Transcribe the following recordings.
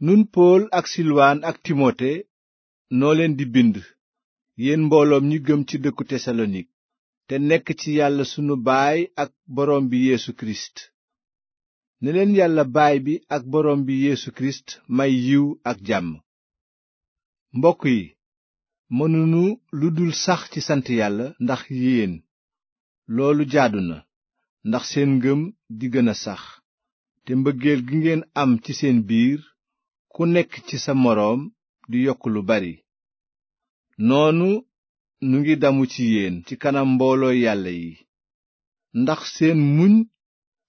nun pool ak silwaan ak timote noo leen di bind yéen mbooloom ñi gëm ci dëkku tesalonik te nekk ci yàlla sunu baay ak boroom bi yeesu kirist ne leen yàlla baay bi ak boroom bi yeesu kirist may yiw ak jàmm mbokk yi mënunu lu dul sax ci sant yàlla ndax yéen loolu jaadu na ndax seen ngëm di gën a sax te mbëggeel gi ngeen am ci seen biir ku nekk ci sa moroom di yokk lu bari noonu nu ngi damu ci yéen ci kanam mbooloo yàlla yi ndax seen muñ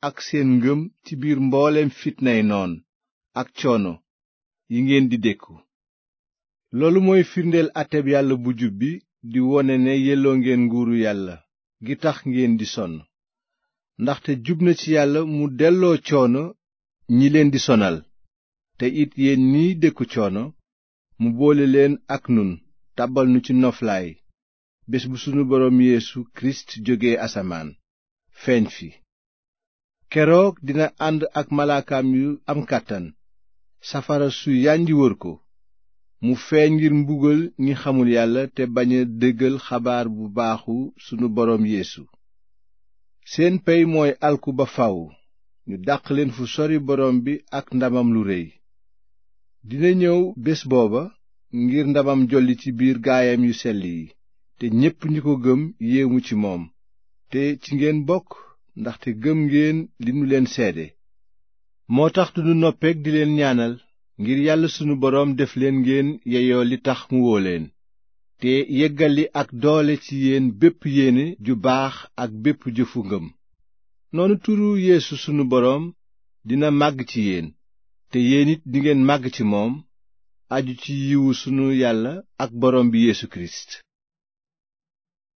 ak seen ngëm ci biir mbooleem fitnay noon ak coono yi ngeen di dékku loolu mooy firndeel ateb yàlla bu jub bi di wone ne yelloo ngeen nguuru yàlla gi tax ngeen di sonn ndaxte jub na ci yàlla mu delloo coono ñi leen di sonal te it yéen ñiy dëkku coono mu boole leen ak nun tàbbal nu ci noflaay bés bu sunu boroom Yeesu Kirist jóge asamaan feeñ fi keroog dina ànd ak malaakaam yu am kàttan safara su yànji wër ko mu feeñ ngir mbugal ngi xamul yàlla te bañ a déggal xabaar bu baaxu sunu boroom yéesu seen pey mooy alku ba faw ñu dàq leen fu sori boroom bi ak ndamam lu réy dina ñëw bés booba ngir ndamam jolli ci biir gaayam yu sell yi te ñépp ñu ko gëm yéemu ci moom te ci ngeen bokk ndaxte gëm ngeen li nu leen seede moo tax duñu noppeek di leen ñaanal ngir yàlla sunu borom def leen ngeen yeyoo li tax mu woo leen te yeggali ak doole ci yéen bépp yéene ju baax ak bépp jëfu ngëm noonu turu yéesu sunu boroom dina màgg ci yéen te yéen it dingeen màgg ci moom aju ci yiwu sunu yàlla ak borom bi Yeesu Kirist